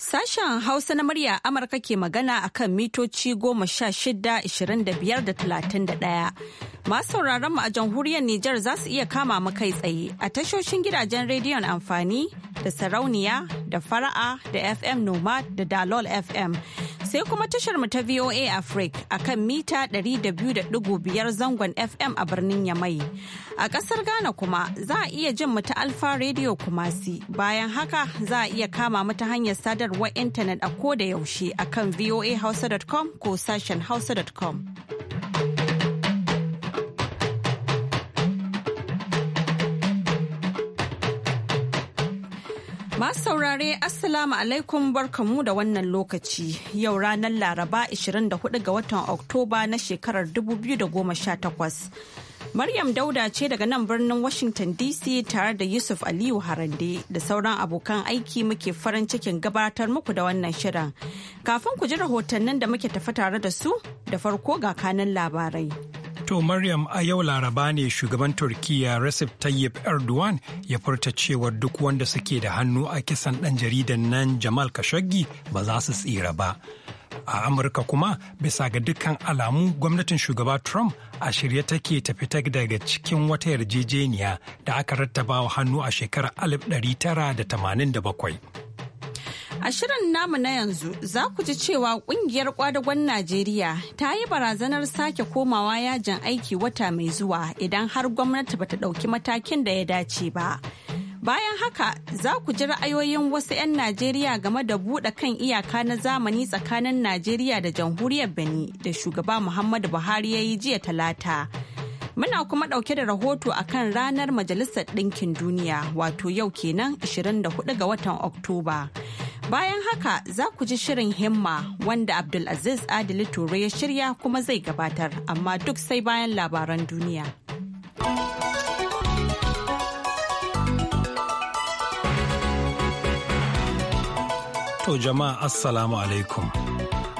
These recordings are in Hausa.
Sashen Hausa na murya Amurka ke magana a kan mitoci goma sha shida ishirin da biyar da talatin da ɗaya. Masu sauraron mu a jamhuriyar Nijar za su iya kama mu kai tsaye a tashoshin gidajen rediyon amfani da sarauniya da fara'a da FM Nomad da Dalol FM. sai kuma tashar mu ta VOA Africa a kan mita 200.5 zangon FM a birnin Yamai. A ƙasar Ghana kuma za a iya jin mu ta Alfa Radio Kumasi. Bayan haka za a iya kama mu ta hanyar sadarwar intanet a koda da yaushe a kan voahausa.com ko sashen hausa.com. Masu saurare Assalamu alaikum barkamu da wannan lokaci yau ranar Laraba 24 ga watan Oktoba na shekarar 2018. Maryam Dauda ce daga nan birnin Washington DC tare da Yusuf Aliyu Harande da sauran abokan aiki muke farin cikin gabatar muku da wannan shirin. Kafin ku ji rahotannin da muke tafi tare da su da farko ga kanan labarai. To Maryam a yau laraba ne shugaban Turkiyya Recep Tayyip Erdogan ya furta cewar duk wanda suke da hannu a kisan ɗan jaridan nan Jamal Khashoggi ba za su tsira ba. A Amurka kuma bisa ga dukkan alamu gwamnatin shugaba Trump a shirye take ta fita daga cikin wata yarjejeniya da aka rattabawa hannu a shekarar 1987. A shirin namu na yanzu za ku ji cewa kungiyar kwadagon Najeriya ta yi barazanar sake komawa yajin aiki wata mai zuwa idan har gwamnati bata ɗauki matakin da ya dace ba. Bayan haka za ku ji ra'ayoyin wasu 'yan Najeriya game da buɗe kan iyaka na zamani tsakanin Najeriya da jamhuriyar Benin da shugaba Muhammadu Buhari ya yi jiya talata. Muna kuma ɗauke da rahoto a kan ranar Majalisar Ɗinkin Duniya wato yau kenan 24 ga watan Oktoba. Bayan haka za ku ji shirin himma wanda Abdulaziz Adili Ture ya shirya kuma zai gabatar amma duk sai bayan labaran duniya. To jama'a Assalamu alaikum.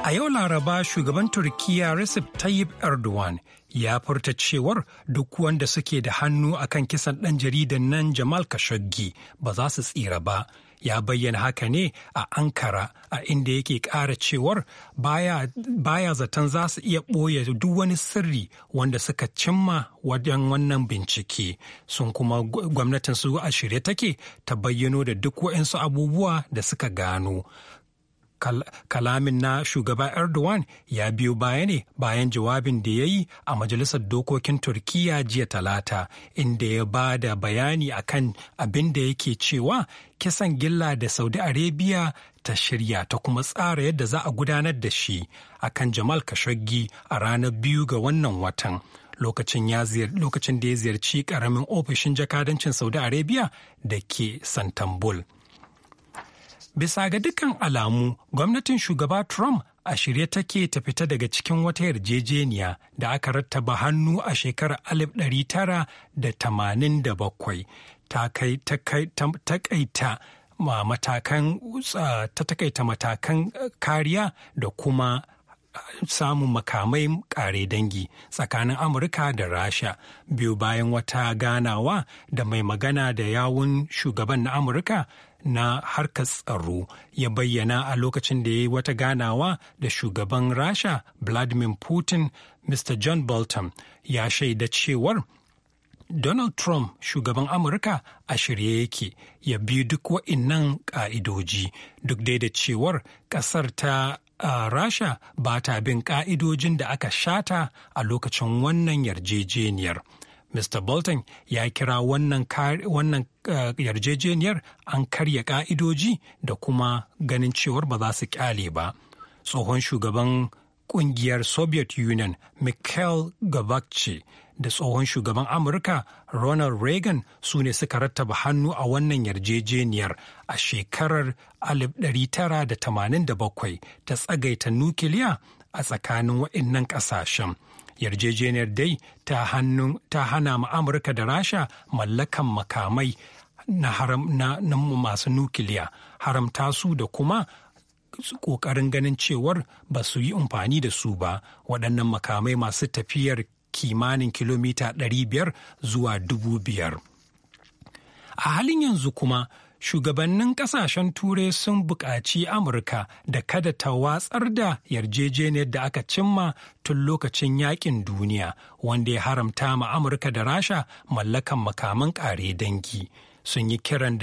A yau Laraba shugaban turkiya Recep Tayyip Erdogan ya furta cewar duk wanda suke da hannu akan kisan ɗan jaridan nan Jamal Khashoggi ba za su tsira ba. ya bayyana haka ne a ankara a inda yake ƙara cewar baya, zaton za su iya ɓoye duk wani sirri wanda suka cimma wajen wannan bincike sun kuma gwamnatin su a shirye take ta bayyano da duk waɗansu abubuwa da suka gano kalamin na shugaba Erdogan ya biyo baya ne bayan jawabin da ya yi a Majalisar Dokokin Turkiyya jiya Talata, inda ya ba da bayani akan abin da yake cewa kisan gilla da Saudi Arabia ta shirya ta kuma tsara yadda za a gudanar da shi akan Jamal Khashoggi a ranar biyu ga wannan watan. lokacin da ya ziyarci ƙaramin ofishin jakadancin Saudi Arabia da ke Santambul. Bisa ga dukkan alamu, gwamnatin shugaba Trump a shirye take ta fita daga cikin wata yarjejeniya da aka rattaba hannu a shekarar 1987 ta takaita ma matakan uh, ta takaita matakan uh, kariya da kuma samun makamai kare dangi tsakanin amurka da rasha biyu bayan wata ganawa da mai magana da yawun shugaban na amurka na harkar tsaro ya bayyana a lokacin da ya yi wata ganawa da shugaban rasha vladimir putin mr john bolton ya shaida cewar donald trump shugaban amurka a shirye yake ya bi duk wa'innan ka'idoji duk dai da cewar ƙasar ta rasha ba ta bin ƙa'idojin da aka shata a lokacin wannan yarjejeniyar. Mr. Bolton ya kira wannan uh, yarjejeniyar an karya ka'idoji da kuma ganin cewar ba za su kyale ba. Tsohon shugaban kungiyar Soviet Union Mikhail Gorbachev da tsohon shugaban Amurka Ronald Reagan su ne suka rattaba hannu a wannan yarjejeniyar a shekarar 1987 ta tsagaita nukiliya a tsakanin waɗannan ƙasashen. yarjejeniyar dai ta hana ma amurka da rasha mallakan makamai na haram masu nukiliya haramta su da kuma kokarin ganin cewar ba su yi amfani da su ba waɗannan makamai masu tafiyar kimanin kilomita 500 zuwa 5,000. A halin yanzu kuma shugabannin kasashen turai sun buƙaci amurka da kada ta watsar da yarjejeniyar da aka cimma tun lokacin yakin duniya wanda ya haramta ma amurka da rasha mallakan makaman ƙare dangi sun yi kiran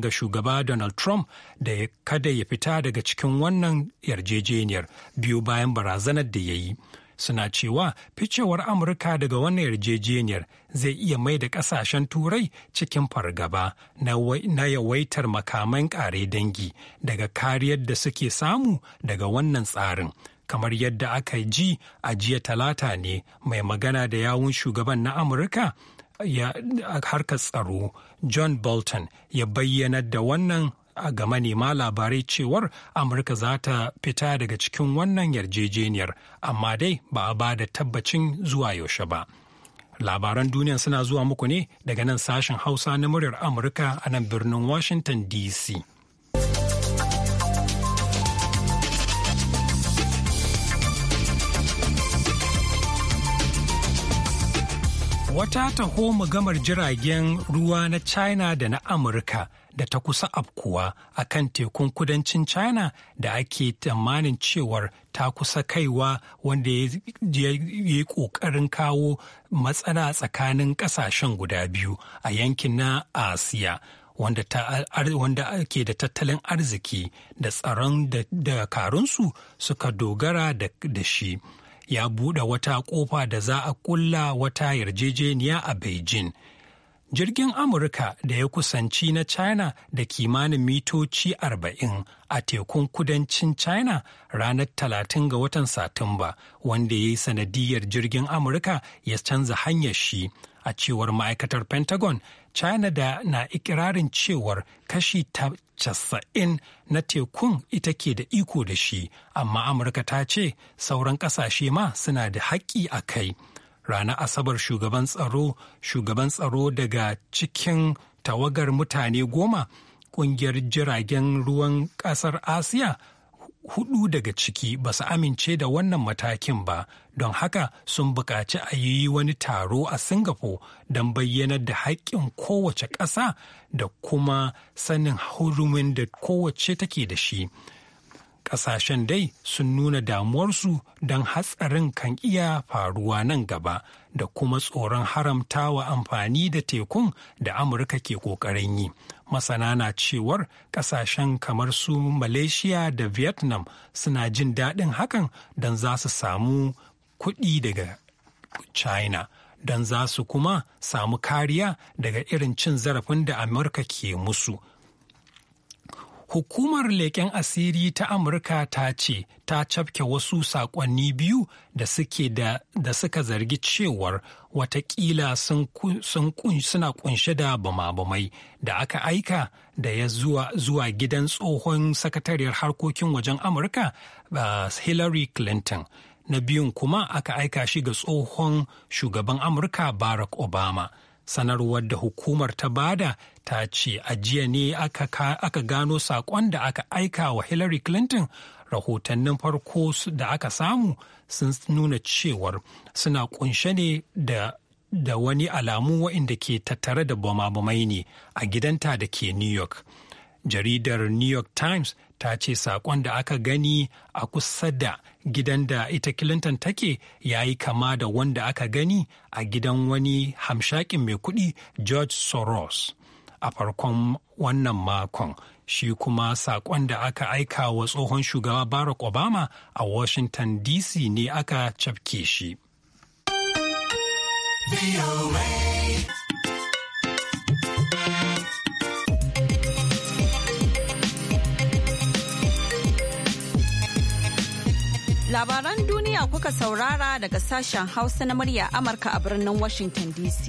ga shugaba donald trump da ya kada ya fita daga cikin wannan yarjejeniyar biyu bayan barazanar da ya yi suna cewa ficewar amurka daga wannan yarjejeniyar zai iya mai da kasashen turai cikin fargaba na yawaitar makaman kare dangi daga kariyar da suke samu daga wannan tsarin kamar yadda aka ji a jiya talata ne mai magana da yawun shugaban na amurka a harkar tsaro john bolton ya bayyana da wannan ga manema labarai cewar amurka za ta fita daga cikin wannan yarjejeniyar amma dai ba a ba da tabbacin zuwa yaushe ba labaran duniya suna zuwa muku ne daga nan sashen hausa na muryar amurka a nan birnin washington dc Wata taho gamar jiragen ruwa na China da na Amurka da ta kusa afkuwa a kan tekun kudancin China da ake tsammanin cewar ta kusa kaiwa wanda ya yi ƙoƙarin kawo matsala tsakanin ƙasashen guda biyu a yankin na Asiya. Wanda, ta, ke da tattalin arziki da tsaron da karunsu suka dogara da shi. ya buɗe wata ƙofa da za a ƙulla wata yarjejeniya a Beijing. Jirgin Amurka da ya kusanci na China da kimanin mitoci arba'in a tekun kudancin China ranar talatin ga watan Satumba, wanda ya yi sanadiyar jirgin Amurka ya canza hanyar shi a cewar ma'aikatar pentagon china da na ikirarin cewar kashi ta casa'in na tekun ita ke da iko da shi amma amurka ta ce sauran kasashe ma suna da haƙƙi a kai ranar asabar shugaban tsaro shugaban tsaro daga cikin tawagar mutane goma ƙungiyar jiragen ruwan ƙasar asiya hudu daga ciki ba su amince da wannan matakin ba don haka sun buƙaci a yi wani taro a singapore don bayyanar da haƙƙin kowace ƙasa da kuma sanin hurumin da kowace take da shi ƙasashen dai sun nuna damuwarsu don hatsarin kan iya faruwa nan gaba da kuma tsoron haramtawa amfani da tekun da amurka ke ƙoƙarin yi masana na cewar kasashen kamar su malaysia da vietnam suna jin daɗin hakan don za su samu kuɗi daga china don za su kuma samu kariya daga irin cin zarafin da amurka ke musu Hukumar leƙen asiri ta Amurka ta ce ta cafke wasu saƙonni biyu da suke da suka zargi cewar watakila suna kunshe da bama-bamai da aka aika da ya zuwa, gidan tsohon sakatariyar harkokin wajen Amurka uh, Hillary Clinton. Na biyun kuma aka aika shi ga tsohon shugaban Amurka Barack Obama. sanarwar da hukumar ta bada ta ce a jiya ne aka gano saƙon da aka aika wa hillary clinton rahotannin farko da aka samu sun nuna cewar suna kunshe ne da da wani alamu waɗanda ke tattare da bama-bamai ne a gidanta da ke new york jaridar new york times ta ce saƙon da aka gani a kusa da gidan da ita clinton take ya yi kama da wanda aka gani a gidan wani hamshakin mai kuɗi george soros a farkon wannan makon shi kuma saƙon da aka aika wa tsohon shugaba barack obama a washington dc ne aka cafke shi. Labaran duniya kuka saurara daga sashen Hausa na murya Amurka a birnin Washington DC.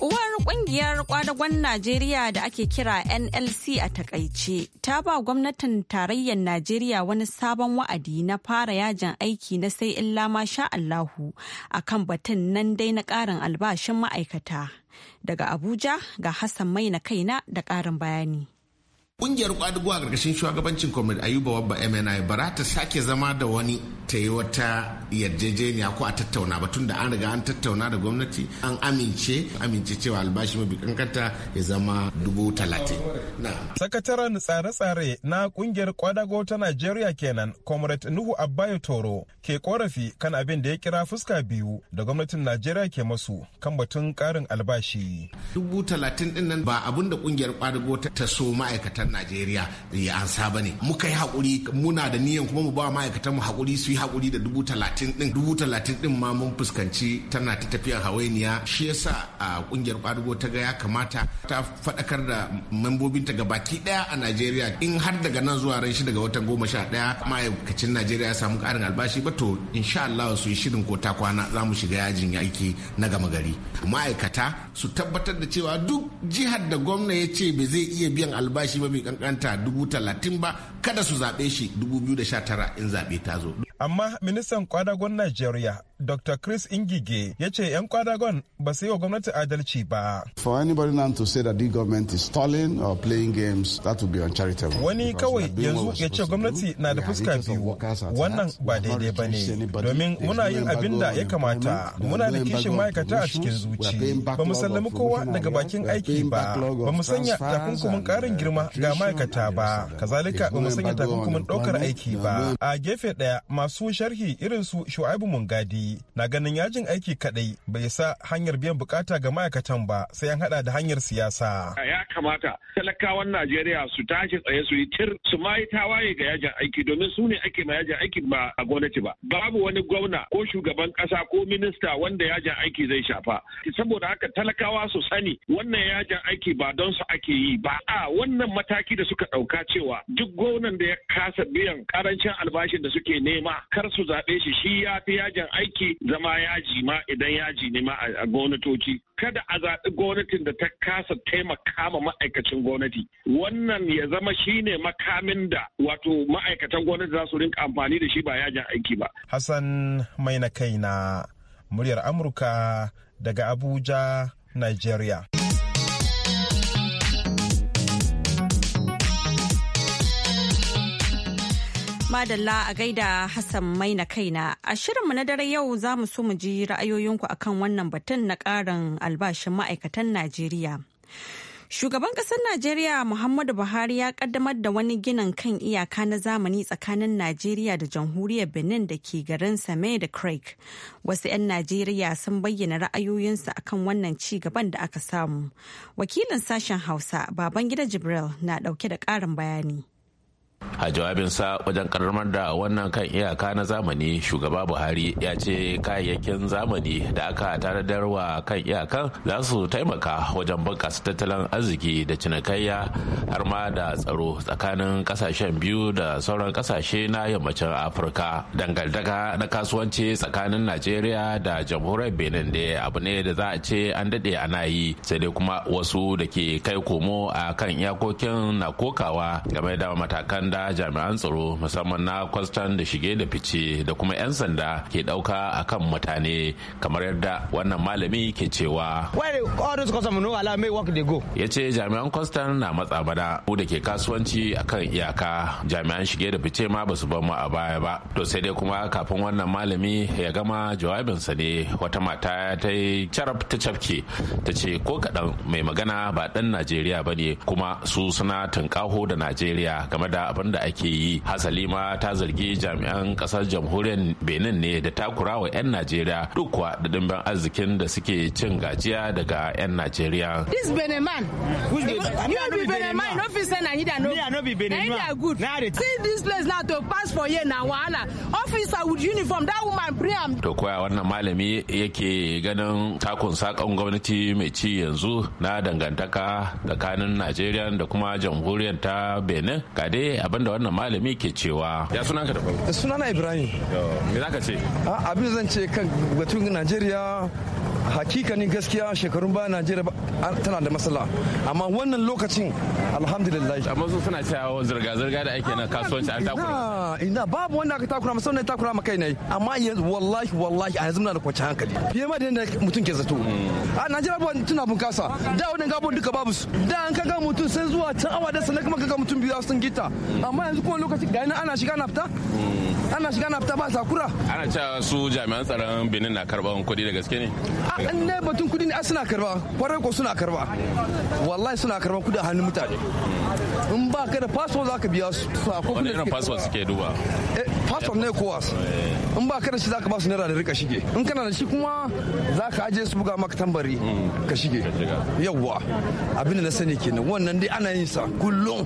Uwar kungiyar kwadagon Najeriya da ake kira NLC a takaice ta ba gwamnatin tarayyar Najeriya wani sabon wa'adi na fara yajin aiki na sai in lama sha Allahu akan batun nan dai na ƙarin albashin ma'aikata. Daga Abuja ga Hassan Mai na kaina da ƙarin bayani. Ƙungiyar kwadugo a ƙarƙashin shugabancin Comrade Ayuba Wabba MNI ba ta sake zama da wani ta yi wata yarjejeniya ko a tattauna ba da an riga an tattauna da gwamnati an amince amince cewa albashi mafi kankanta ya zama dubu talatin. Sakataren tsare-tsare na ƙungiyar kwadago ta Najeriya kenan Comrade Nuhu Abbayo Toro ke korafi kan abin da ya kira fuska biyu da gwamnatin Najeriya ke masu kan batun ƙarin albashi. Dubu talatin ɗin nan ba abin da ƙungiyar kwadago ta so ma'aikatan ma'aikatan najeriya ya an ba ne muka yi hakuri muna da niyan kuma mu ba ma'aikatan mu haƙuri su yi hakuri da dubu talatin ɗin dubu talatin ɗin ma mun fuskanci tana ta tafiya hawainiya shi yasa a ƙungiyar ƙwadugo ta ga ya kamata ta faɗakar da mambobin ta gabaki ɗaya a najeriya in har daga nan zuwa ran shi daga watan goma sha ɗaya ma'aikacin najeriya ya samu ƙarin albashi ba to insha allah su yi shirin ko ta kwana za mu shiga yajin aiki na gama gari ma'aikata su tabbatar da cewa duk jihar da gwamna ya ce ba zai iya biyan albashi ba mafi kankanta dubu talatin ba kada su zaɓe shi dubu biyu da sha tara in zaɓe ta zo. Amma ministan kwadagon Najeriya Dr. Chris Ingige ya ce 'yan kwadagon ba su yi wa gwamnati adalci ba. For anybody now to say that the government is stalling or playing games, that would be uncharitable. Wani kawai yanzu ya ce gwamnati na da fuska biyu, wannan ba daidai ba ne, domin muna yin abin da ya kamata, muna da kishin ma'aikata a cikin zuci, ba mu sallami kowa daga bakin aiki ba, ba mu sanya takunkumin ƙarin uh, girma ga ma'aikata ba, kazalika ba mu sanya takunkumin ɗaukar aiki ba. A gefe ɗaya masu sharhi irin su Shu'aibu Mungadi yi na ganin yajin aiki kadai bai sa hanyar biyan bukata ga ma'aikatan ba sai an hada da hanyar siyasa. kamata talakawan Najeriya su tashi tsaye su yi tir su ma yi tawaye ga yajin aiki domin su ne ake ma yajin aiki ba a gwamnati ba. Babu wani gwamna ko shugaban kasa ko minista wanda yajin aiki zai shafa. Saboda haka talakawa su sani wannan yajin aiki ba don su ake yi ba. A wannan mataki da suka ɗauka cewa duk gwamnan da ya kasa biyan karancin albashin da suke nema kar su zaɓe shi shi ya fi yajin aiki zama yaji ma idan yaji ne ma a gwamnatoci. kada a zaɓi gwamnatin da ta kasa taimaka ma ma'aikacin gwamnati wannan ya zama shine makamin da wato ma'aikatan gwamnati za su rinka amfani da shi ba yajin aiki ba hassan mai na kai na muryar amurka daga abuja nigeria Madalla a gaida Hassan mai na kaina. A shirinmu na dare yau za mu so mu ji ra'ayoyinku akan wannan batun na ƙarin albashin ma'aikatan Najeriya. Shugaban ƙasar Najeriya Muhammadu Buhari ya ƙaddamar da wani ginin kan iyaka na zamani tsakanin Najeriya da jamhuriyar Benin da ke garin Same da Craig. Wasu 'yan Najeriya sun bayyana ra'ayoyinsu akan wannan ci gaban da aka samu. Wakilin sashen Hausa, baban gida Jibril, na ɗauke da ƙarin bayani. a jawabinsa wajen karamar da wannan kan iyaka na zamani shugaba buhari ya ce kayayyakin zamani da aka tanadar wa kan iyakan za su taimaka wajen bunƙasa tattalin arziki da cinikayya har ma da tsaro tsakanin kasashen biyu da sauran kasashe na yammacin afirka dangantaka na kasuwanci tsakanin najeriya da jamhuriyar benin da abu ne da za a ce an daɗe ana yi sai dai kuma wasu da ke kai komo a kan iyakokin na kokawa game da matakan waɗanda jami'an tsaro musamman na kwastan da shige da fice da kuma 'yan sanda ke ɗauka a kan mutane kamar yadda wannan malami ke cewa ya ce jami'an kwastan na matsa bana mu da ke kasuwanci a kan iyaka jami'an shige da fice ma ba su ban mu a baya ba to sai dai kuma kafin wannan malami ya gama jawabinsa ne wata mata ta yi carab ta cafke ta ce ko kaɗan mai magana ba ɗan najeriya ba ne kuma su suna tunƙaho da najeriya game da abin da ake yi hasali ma ta zargi jami'an kasar jamhuriyar benin ne da takura wa 'yan najeriya duk kuwa da dimbin arzikin da suke cin gajiya daga 'yan najeriya this to koya wannan malami yake ganin takun sakon gwamnati mai ci yanzu na dangantaka tsakanin najeriya da kuma jamhuriyar ta benin ga dai da wannan malami ke cewa ya suna sunanka da suna na ibrahim me ka ce abin zan ce kan batun najeriya hakikanin gaskiya shekarun baya najeriya tana da matsala amma wannan lokacin alhamdulillah amma su suna cewa zirga zirga da ake na ah, kasuwanci an takura ina babu wanda aka takura musamman ne takura ma kai ne amma yanzu wallahi wallahi a yanzu muna da kwanciyar hankali fiye ma da yadda mutum ke zato hmm. a najeriya ba tuna bunkasa da wannan gabon duka babu su da an kaga mutum sai zuwa can awa da sanar kuma kaga mutum biyu sun gita amma yanzu kuma lokaci ga ana shiga na fita hmm. ana shiga na fita ba sakura ana cewa su jami'an tsaron benin na karban kuɗi da gaske ne a ne batun kuɗi ne a suna karba kwarai ko suna karba wallahi suna karban kuɗi a hannun mutane Hmm. in ba ka da fasfo za ka biya su wani irin fasfo suke duba fasfo eh, ne kowas eh. in ba ka da shi za ka ba su naira da rika shige in kana da shi kuma za ka aje su buga maka tambari hmm. ka shige yawwa abinda na sani kenan wannan dai ana yin sa kullum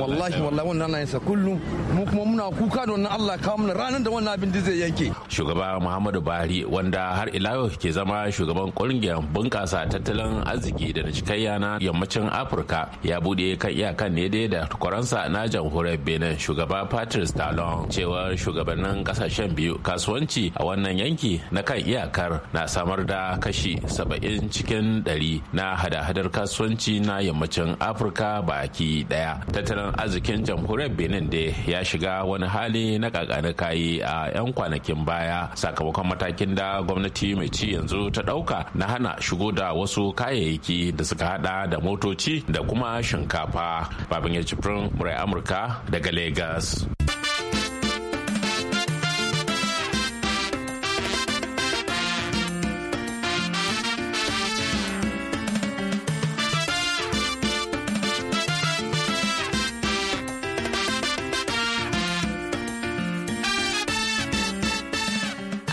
wallahi wallahi wannan ana yin sa kullum mu kuma muna kuka da wannan Allah kawo mana ranar da wannan abin da zai yanke shugaba Muhammadu Buhari wanda har ila yau ke zama shugaban kungiyar bunkasa tattalin arziki da cikayya na yammacin Afirka ya bude kan iyakan ne dai da tukuransa na jamhuriyar benin shugaba patrice talon cewa shugabannin kasashen biyu kasuwanci a wannan yanki na kan iyakar na samar da kashi saba'in cikin ɗari na hada-hadar kasuwanci na yammacin afirka baki daya tattalin arzikin jamhuriyar benin dai ya shiga wani hali na kakani kayi a 'yan kwanakin baya sakamakon matakin da gwamnati mai ci yanzu ta ɗauka na hana shigo da wasu kayayyaki da suka hada da motoci da kuma shinkafa babin ya jibrin murai amurka daga lagos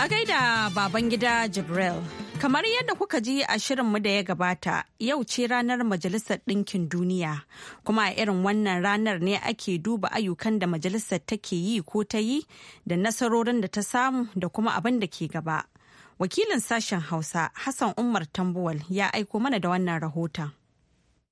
A gaida baban gida Jibril Kamar yadda kuka ji a shirinmu da ya gabata, yau ce ranar Majalisar Ɗinkin Duniya, kuma a irin wannan ranar ne ake duba ayyukan da Majalisar take yi ko ta yi da nasarorin da ta samu da kuma abin da ke gaba. Wakilin sashen Hausa, Hassan Umar Tambuwal, ya aiko mana da wannan rahoton.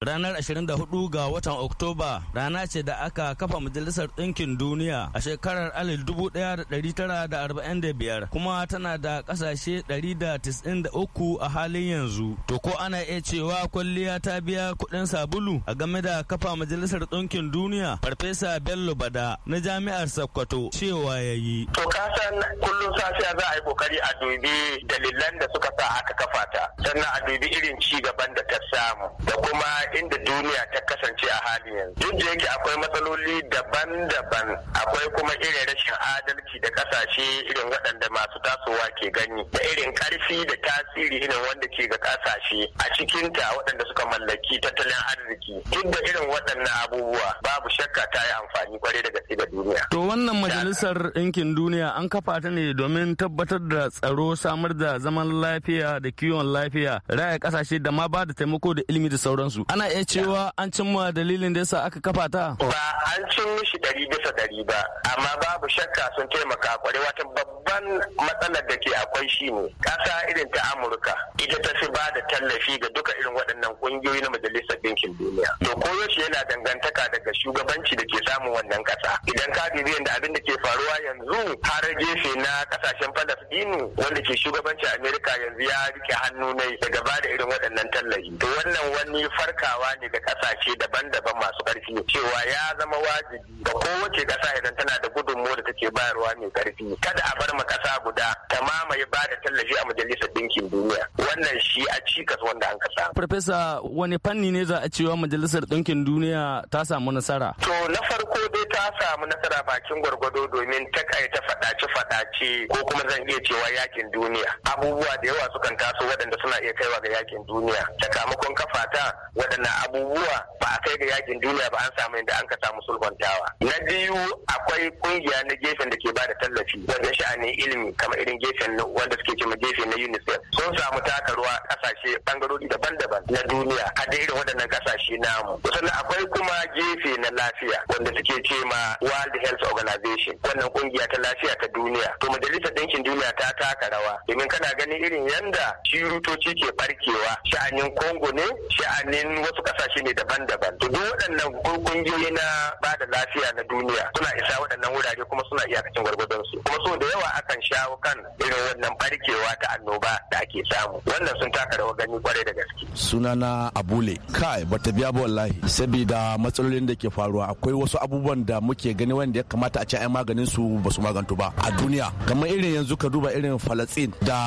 Ranar 24 ga watan Oktoba rana ce da aka kafa Majalisar Ɗinkin Duniya a shekarar 1945 kuma tana da ƙasashe 193 a halin yanzu. To ko ana iya cewa kwalliya ta biya kuɗin sabulu a game da kafa Majalisar Ɗinkin Duniya Farfesa Bello Bada na Jami'ar Sokoto cewa ya yi. To kasan kullum safiya za a yi kokari a dubi dalilan da suka sa aka kafa ta sannan a dubi irin ci gaban da ta samu da kuma inda duniya ta kasance a halin yanzu duk da yake akwai matsaloli daban-daban akwai kuma irin rashin adalci da kasashe irin waɗanda masu tasowa ke gani da irin ƙarfi da tasiri irin wanda ke ga kasashe a ta waɗanda suka mallaki tattalin arziki duk da irin waɗannan abubuwa babu shakka ta yi amfani kwarai da gaske da duniya. To wannan majalisar ɗinkin duniya an kafa ta ne domin tabbatar da tsaro samar da zaman lafiya da kiwon lafiya raya kasashe da ma ba da taimako da ilimi da sauransu. ana iya cewa an cimma dalilin da yasa aka kafa ta ba an cin mishi ɗari bisa ɗari ba amma babu shakka sun taimaka kwarai wata babban matsalar da ke akwai ne. ƙasa irin ta amurka ita ta fi ba da tallafi ga duka irin waɗannan ƙungiyoyi na majalisar ɗinkin duniya to koyaushe yana dangantaka daga shugabanci da ke samun wannan ƙasa idan ka biyan da abin da ke faruwa yanzu har gefe na ƙasashen falastinu wanda ke shugabanci amerika yanzu ya rike hannu ne da gaba da irin waɗannan tallafi to wannan wani farka kirawa ne ga kasashe daban-daban masu ƙarfi cewa ya zama wajibi ga kowace ƙasa idan tana da gudunmuwa da take bayarwa mai ƙarfi kada a bar mu ƙasa guda ta mamaye ba da tallafi a majalisar ɗinkin duniya duniya wannan shi a cikas wanda an kasa. Farfesa wani fanni ne za a cewa majalisar ɗinkin duniya ta samu nasara? To na farko dai ta samu nasara bakin gwargwado domin ta ta faɗace-faɗace ko kuma zan iya cewa yakin duniya. Abubuwa da yawa sukan taso waɗanda suna iya kaiwa ga yakin duniya. Sakamakon ta waɗannan abubuwa ba a kai ga yakin duniya ba an samu inda an ka samu sulhuntawa. Na biyu akwai kungiya na gefen da ke ba da tallafi wajen sha'anin ilimi kamar irin gefen wanda suke cewa gefen na UNICEF. Sun samu mu taka ruwa kasashe bangarori daban-daban na duniya a irin waɗannan kasashe namu sannan akwai kuma gefe na lafiya wanda suke ce ma World Health Organization wannan kungiya ta lafiya ta duniya to majalisar ɗinkin duniya ta taka rawa domin kana ganin irin yanda shirutoci ke barkewa sha'anin Congo ne sha'anin wasu kasashe ne daban-daban to duk waɗannan kungiyoyi na ba da lafiya na duniya suna isa waɗannan wurare kuma suna iyakacin gwargwadon su kuma so da yawa akan shawo kan irin wannan barkewa ta annoba da ake samu wannan sun taka rawar gani kwarai da gaske sunana abule kai bata biya ba wallahi saboda matsalolin da ke faruwa akwai wasu abubuwan da muke gani wanda ya kamata a ci ayi maganin su ba su magantu ba a duniya kamar irin yanzu ka duba irin falastin da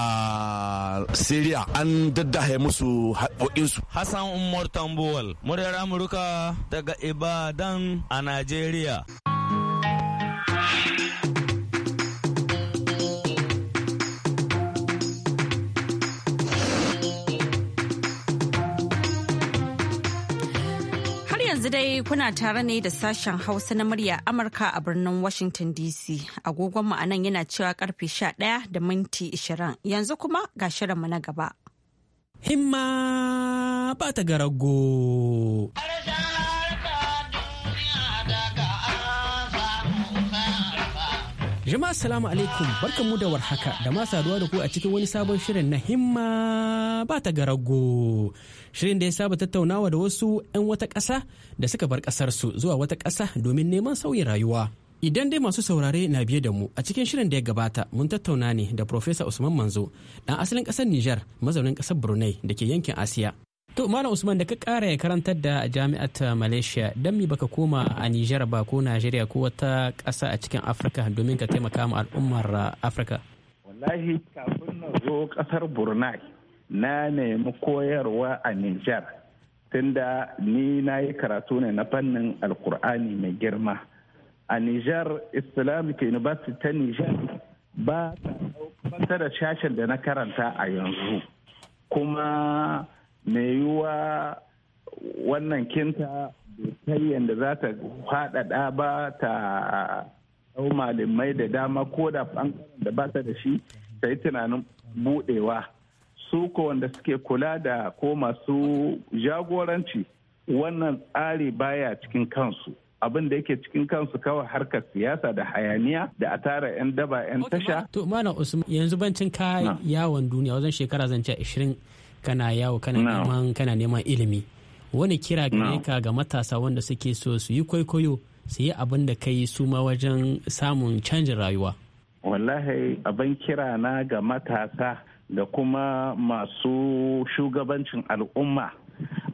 syria an daddahe musu su hassan umar tambuwal muryar amurka daga ibadan a najeriya dai kuna tare ne da sashen Hausa na murya Amurka a birnin Washington DC. Agogonmu a nan yana cewa karfe 11 da minti 20. Yanzu kuma ga shirinmu na gaba. Himma ba ta garago. Jama'a salamu alaikum barkanmu da warhaka da masu saduwa da ku a cikin wani sabon shirin na himma ba ta garago. shirin da ya saba tattaunawa da wasu 'yan wata ƙasa da suka bar ƙasarsu zuwa wata ƙasa domin neman sauyin rayuwa idan dai masu saurare na biye da mu a cikin shirin da ya gabata mun tattauna ne da profesa usman manzo ɗan asalin ƙasar nijar mazaunin ƙasar brunei da ke yankin asiya to malam usman da ka ƙara ya karantar da jami'at malaysia don mi baka koma a nijar ba ko najeriya ko wata ƙasa a cikin afirka domin ka taimaka ma al'ummar afirka wallahi kafin na zo ƙasar brunei na nemi koyarwa a Nijar tunda ni na yi karatu ne na fannin alkur'ani mai girma a Nijar Islamic University ta Nijar ba ta da shashin da na karanta a yanzu kuma mai yiwuwa wannan kinta kai yadda za ta faɗaɗa ba ta ɗau malamai da dama ko da ɓangaren da ba ta da shi ta yi tunanin buɗewa su ko wanda suke kula da ko masu jagoranci wannan tsari baya cikin kansu abin da yake cikin kansu kawai harkar siyasa da hayaniya da a tara 'yan daba 'yan tasha. To mana Usman yanzu bancin ka yawon duniya wajen shekara zance 20 kana yawo kana neman kana neman ilimi. Wani kira gare ka ga matasa wanda suke so su yi kwaikwayo su yi abin da kai su ma wajen samun canjin rayuwa. Wallahi abin kira na ga matasa da kuma masu shugabancin al'umma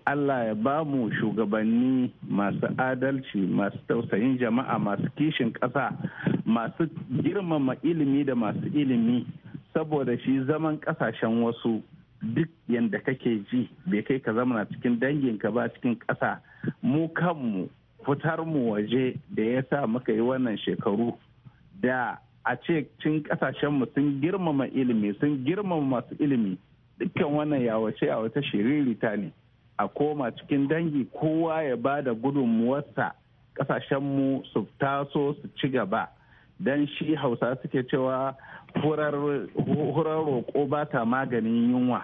Allah ya ba mu shugabanni masu adalci masu tausayin jama'a masu kishin ƙasa masu girmama ilimi da masu ilimi saboda shi zaman ƙasashen wasu duk yadda kake ji bai kai ka zama cikin dangin ka ba cikin ƙasa mu kanmu fitar mu waje da ya sa muka yi wannan shekaru da a ce cin kasashenmu sun girmama ilimi sun girmama masu ilimi dukkan wannan yawace yawace shiririta ne a koma cikin dangi kowa ya ba da gudunmuwarsa kasashenmu su taso su ci gaba don shi hausa suke cewa furar roƙo ba ta maganin yunwa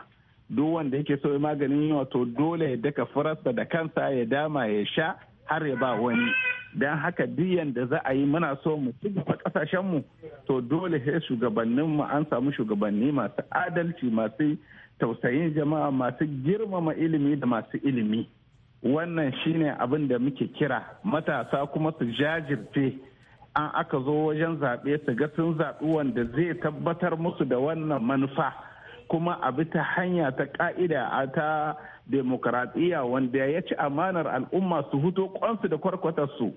duk wanda yake so maganin yunwa to dole ya daka furarsa da kansa ya dama ya sha har ya ba wani don haka duk yadda za a yi muna so mu ci gaba mu to dole sai shugabanninmu an samu shugabanni masu adalci masu tausayin jama'a masu girmama ilimi da masu ilimi wannan shine abin da muke kira matasa kuma su jajirce an aka zo wajen zaɓe su ga sun zaɓi wanda zai tabbatar musu da wannan manufa kuma a bi ta hanya ta ka'ida a ta demokaradiyya wanda ya ci amanar al'umma su huto kwansu da kwarkwatarsu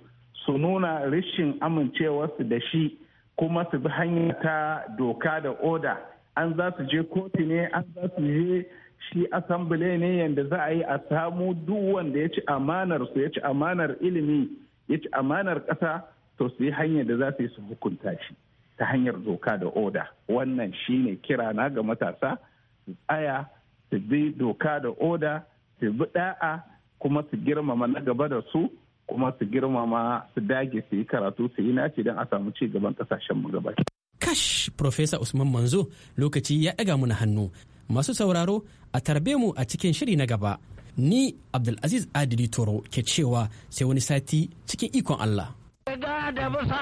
su nuna rishin amincewarsu da shi kuma su bi hanya ta doka da oda an za su je kotu ne an za su je shi asambile ne yadda za a yi a samu duk wanda ya ci amanar su ya ci amanar ilimi ya ci amanar ƙasa to su yi hanyar da za su yi su hukunta shi ta hanyar doka da oda wannan shine kira na ga matasa su tsaya su bi doka da oda su bi da'a kuma su girmama na gaba da su kuma su girmama su dage su yi karatu su yi naci don a samu ci gaban kasashen mu gaba. Kash Profesa Usman Manzo lokaci ya ɗaga mu na hannu. Masu sauraro a tarbe mu a cikin shiri na gaba. Ni Abdulaziz Adili Toro ke cewa sai wani sati cikin ikon Allah. Da da busa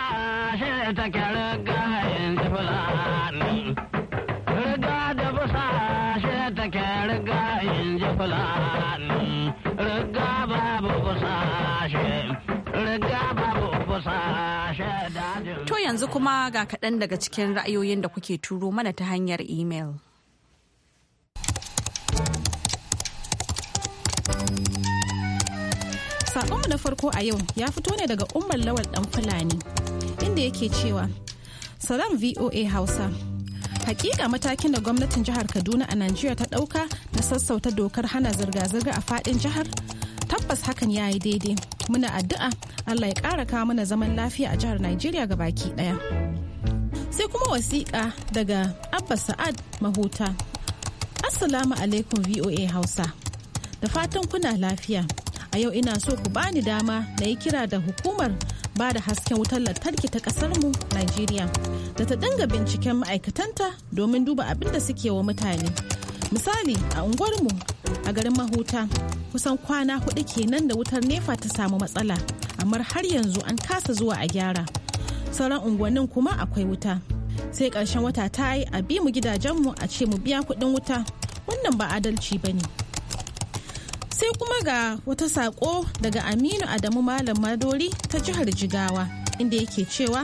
shi ta kyar gahayin fulani. to yanzu kuma ga kaɗan daga cikin ra'ayoyin da kuke turo mana ta hanyar imel. Sakonmu na farko a yau ya fito ne daga Umar Lawal ɗan Fulani, inda yake cewa, Salam VOA Hausa, hakika matakin da gwamnatin jihar kaduna a najeriya ta dauka na sassauta dokar hana zirga-zirga a fadin jihar tabbas hakan ya yi daidai muna addu'a allah ya kara kawo mana zaman lafiya a jihar najeriya ga baki daya sai kuma wasiƙa daga abba sa'ad mahuta assalamu alaikum voa hausa da fatan kuna lafiya a yau ina so ku bani dama na yi kira da hukumar ba da hasken wutar lantarki ta mu Najeriya da ta dinga binciken ma'aikatanta domin duba abin da suke wa mutane. Misali a unguwarmu a garin Mahuta kusan kwana hudu kenan da wutar nefa ta samu matsala amma har yanzu an kasa zuwa a gyara. Sauran unguwannin kuma akwai wuta. Sai ƙarshen wata ta yi a bi mu gidajenmu a ce mu biya kuɗin wuta. Wannan ba adalci ba ne. sai kuma ga wata sako daga aminu adamu malam madori ta jihar jigawa inda yake cewa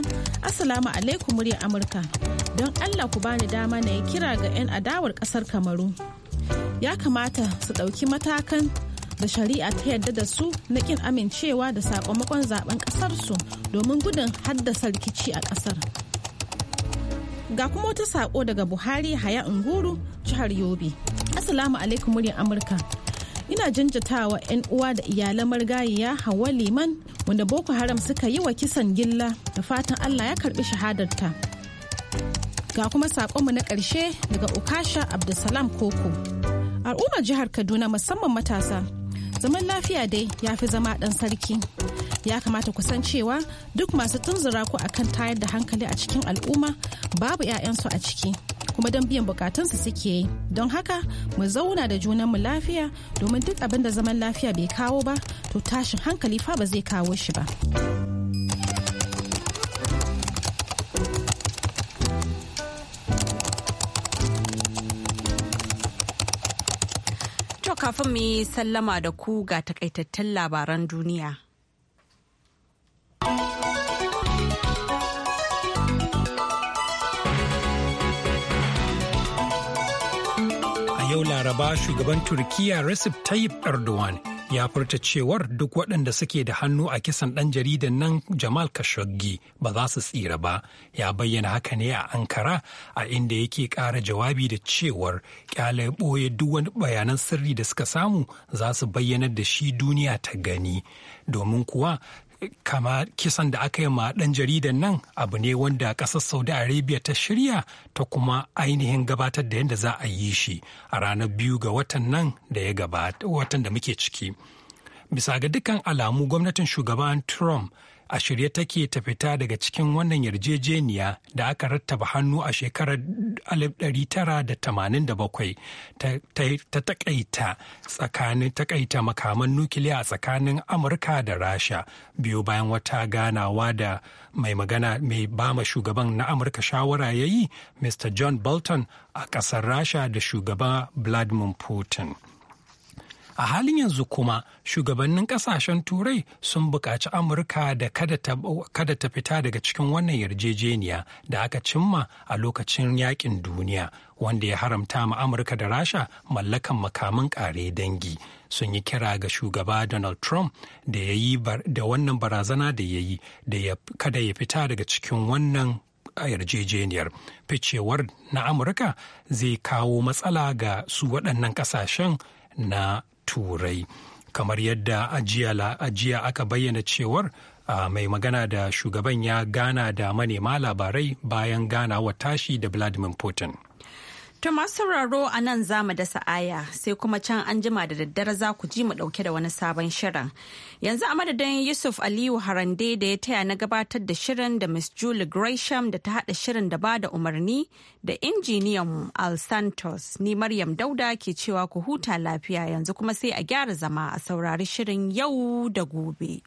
assalamu alaikum murya amurka don allah ku bani dama na yi kira ga 'yan adawar kasar kamaru ya kamata su ɗauki matakan da shari'a ta yadda da su na kin amincewa da sakamakon zaben ƙasarsu domin gudun haddasa rikici a ƙasar ga kuma wata sako daga buhari haya unguru jihar yobe assalamu alaikum muryar amurka ina jinjatawa 'yan uwa da iyalan margayiya hawa liman wanda boko haram suka yi wa kisan gilla da fatan allah ya karbi shahadarta ga kuma saƙonmu na ƙarshe daga ukasha abdulsalam koko al'ummar jihar kaduna musamman matasa zaman lafiya dai ya fi zama ɗan sarki ya kamata ku san cewa duk masu tunzura ku akan tayar da hankali a cikin al'umma babu 'ya'yansu a ciki kuma don biyan bukatunsu suke yi don haka mu zauna da junanmu lafiya domin duk abin da zaman lafiya bai kawo ba to tashin hankali fa ba zai kawo shi ba kafin mu yi sallama da ku ga takaitattun labaran duniya. yau laraba shugaban turkiya recep tayyip erdogan ya furta cewar duk waɗanda suke da hannu a kisan ɗan jaridan nan jamal khashoggi ba za su tsira ba ya bayyana haka ne a ankara a inda yake ƙara jawabi da cewar ƙyale ɓoye duk wani bayanan sirri da suka samu za su bayyanar da shi duniya ta gani domin kuwa kama kisan da aka yi ma ɗan jaridan nan abu ne wanda ƙasar saudi arabia ta shirya ta kuma ainihin gabatar da yadda za a yi shi a ranar biyu ga watan nan da ya gabata watan da muke ciki bisa ga dukkan alamu gwamnatin shugaban trump a shirye take ta fita daga cikin wannan yarjejeniya da aka rattaba hannu a shekarar 1987 ta takaita tsakanin takaita makaman nukiliya a tsakanin amurka da rasha biyu bayan wata ganawa da mai magana mai bama shugaban na amurka shawara ya yi mr john bolton a ƙasar rasha da shugaba vladimir putin a halin yanzu kuma shugabannin kasashen turai sun buƙaci amurka da kada ta fita daga cikin wannan yarjejeniya da aka cimma a lokacin yakin duniya wanda ya haramta ma amurka da rasha mallakan makaman ƙare dangi sun yi kira ga shugaba donald trump da ya yi da wannan barazana da ya yi da kada ya fita daga cikin wannan a yarjejeniyar ficewar na amurka zai kawo matsala ga su waɗannan ƙasashen na turai kamar yadda ajiya aka bayyana cewar mai magana da shugaban ya gana da manema labarai bayan gana wa tashi da vladimir putin To masu sauraro a nan za mu dasa aya sai kuma can an jima da daddare za ku ji mu dauke da wani sabon shirin. Yanzu a madadin Yusuf Aliyu Harande da ya taya na gabatar da shirin da Miss Julie Gresham da ta haɗa shirin da ba da umarni da injiniyan Al Santos ni Maryam Dauda ke cewa ku huta lafiya yanzu kuma sai a gyara zama a saurari shirin yau da gobe.